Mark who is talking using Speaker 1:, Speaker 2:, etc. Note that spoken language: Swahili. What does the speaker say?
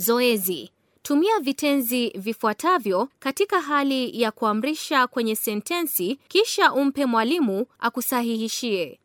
Speaker 1: Zoezi: tumia vitenzi vifuatavyo katika hali ya kuamrisha kwenye sentensi, kisha umpe mwalimu akusahihishie.